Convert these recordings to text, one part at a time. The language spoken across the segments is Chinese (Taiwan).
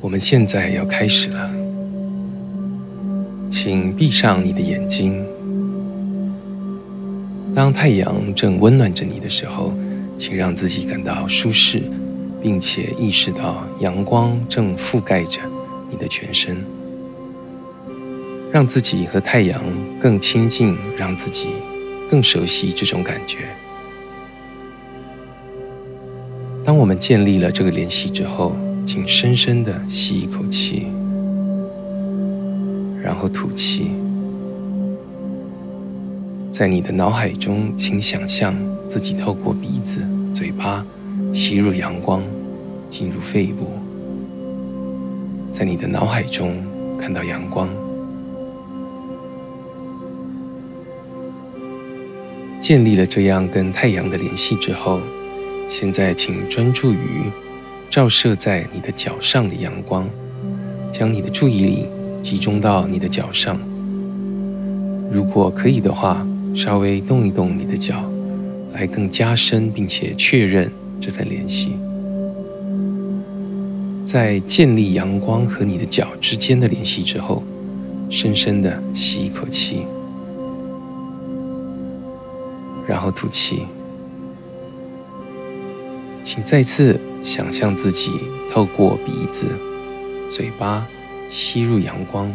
我們現在要開始了，請閉上你的眼睛。當太陽正溫暖着你的時候，請讓自己感到舒適，並且意識到陽光正覆蓋着你的全身，讓自己和太陽更親近，讓自己更熟悉這種感覺。當我們建立了這個聯繫之後，請深深的吸一口氣，然後吐氣。在你的腦海中，請想象自己透過鼻子、嘴巴吸入陽光，進入肺部。在你的腦海中看到陽光。建立了這樣跟太陽的聯繫之後，現在請專注於。照射在你的腳上的陽光，將你的注意力集中到你的腳上。如果可以的話，稍微動一動你的腳，來更加深並且確認這份聯繫。在建立陽光和你的腳之間的聯繫之後，深深的吸一口氣，然後吐氣。請再次。想象自己透過鼻子、嘴巴吸入陽光，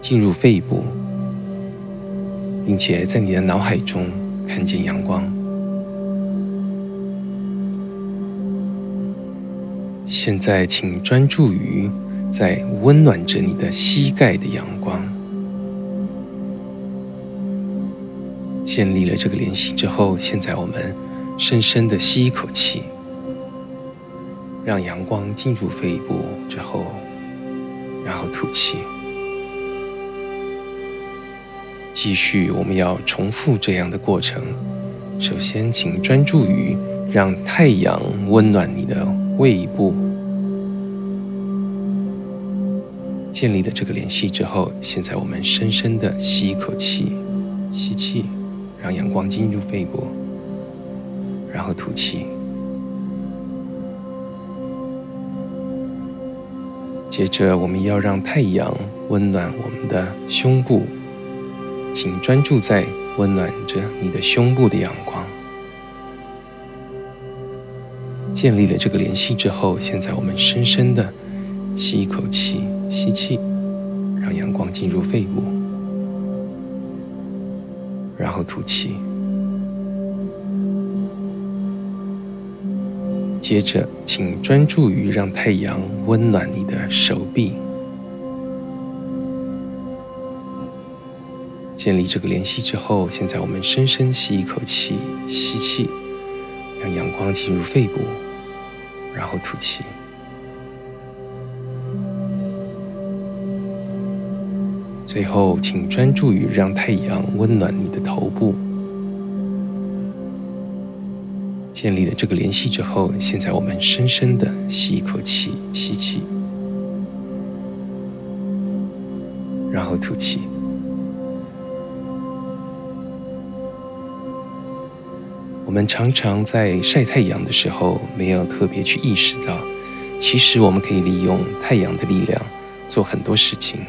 進入肺部，並且在你的腦海中看見陽光。現在，請專注於在溫暖着你的膝蓋的陽光。建立了這個聯繫之後，現在我們深深的吸一口氣。讓陽光進入肺部之後，然後吐氣。繼續，我們要重複這樣的過程。首先，請專注於讓太陽溫暖你的胃部，建立了這個聯繫之後，現在我們深深地吸一口氣，吸氣，讓陽光進入肺部，然後吐氣。接着，我們要讓太陽溫暖我們的胸部，請專注在溫暖着你的胸部的陽光。建立了這個聯繫之後，現在我們深深的吸一口氣，吸氣，讓陽光進入肺部，然後吐氣。接着，請專注於讓太陽溫暖你的手臂。建立這個聯繫之後，現在我們深深吸一口氣，吸氣，讓陽光進入肺部，然後吐氣。最後，請專注於讓太陽溫暖你的頭部。建立了這個聯繫之後，現在我們深深的吸一口氣，吸氣，然後吐氣。我們常常在曬太陽的時候，沒有特別去意識到，其實我們可以利用太陽的力量做很多事情。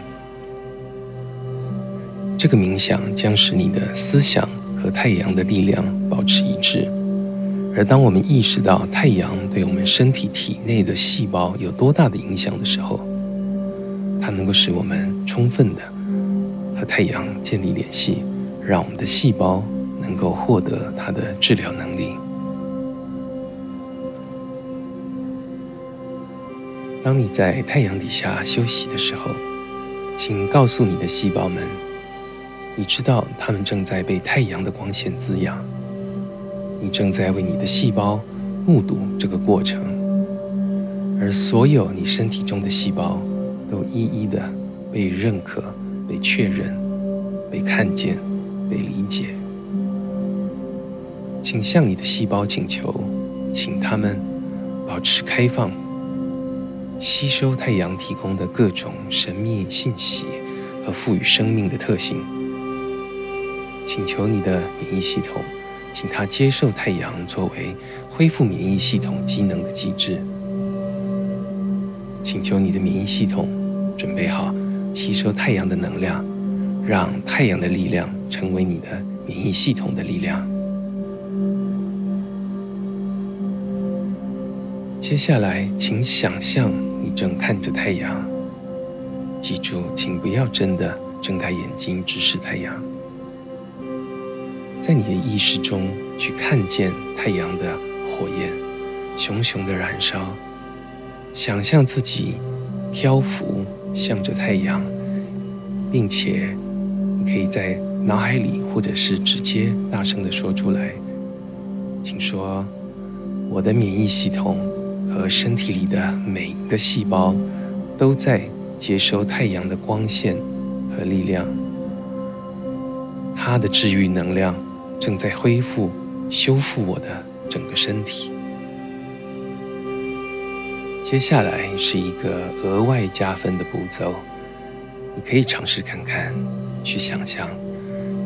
這個冥想將使你的思想和太陽的力量保持一致。而當我們意識到太陽對我們身體體內的細胞有多大的影響的時候，它能夠使我們充分的和太陽建立聯繫，讓我們的細胞能夠獲得它的治療能力。當你在太陽底下休息的時候，請告訴你的細胞們，你知道它們正在被太陽的光線滋養。你正在為你的細胞目睹這個過程，而所有你身體中的細胞都一一的被認可、被確認、被看見、被理解。請向你的細胞請求，請他們保持開放，吸收太陽提供的各種神秘信息和賦予生命的特性。請求你的免疫系統。請他接受太陽作為恢復免疫系統機能的機制。請求你的免疫系統準備好吸收太陽的能量，讓太陽的力量成為你的免疫系統的力量。接下來，請想象你正看着太陽。記住，請不要真的睜開眼睛直視太陽。在你的意識中去看見太陽的火焰，熊熊的燃燒。想象自己漂浮向着太陽，並且你可以在腦海裡，或者是直接大聲地說出來：“請說，我的免疫系統和身體裡的每一個細胞都在接收太陽的光線和力量，它的治癒能量。”正在恢復、修復我的整個身體。接下來是一個額外加分的步驟，你可以嘗試看看，去想象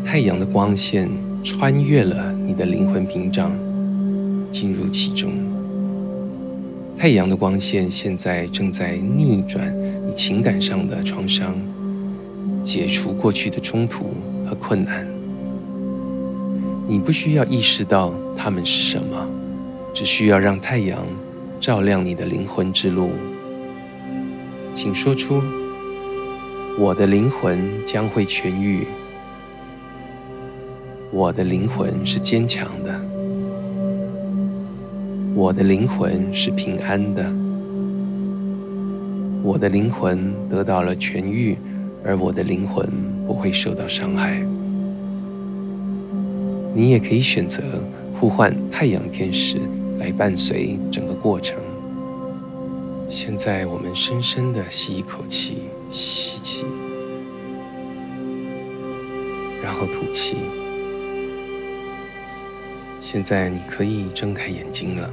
太陽的光線穿越了你的靈魂屏障，進入其中。太陽的光線現在正在逆轉你情感上的創傷，解除過去的衝突和困難。你不需要意識到它們是什麼，只需要讓太陽照亮你的靈魂之路。請說出：我的靈魂將會痊癒，我的靈魂是堅強的，我的靈魂是平安的，我的靈魂得到了痊癒，而我的靈魂不會受到傷害。你也可以選擇呼喚太陽天使來伴隨整個過程。現在我們深深地吸一口氣，吸氣，然後吐氣。現在你可以睜開眼睛了。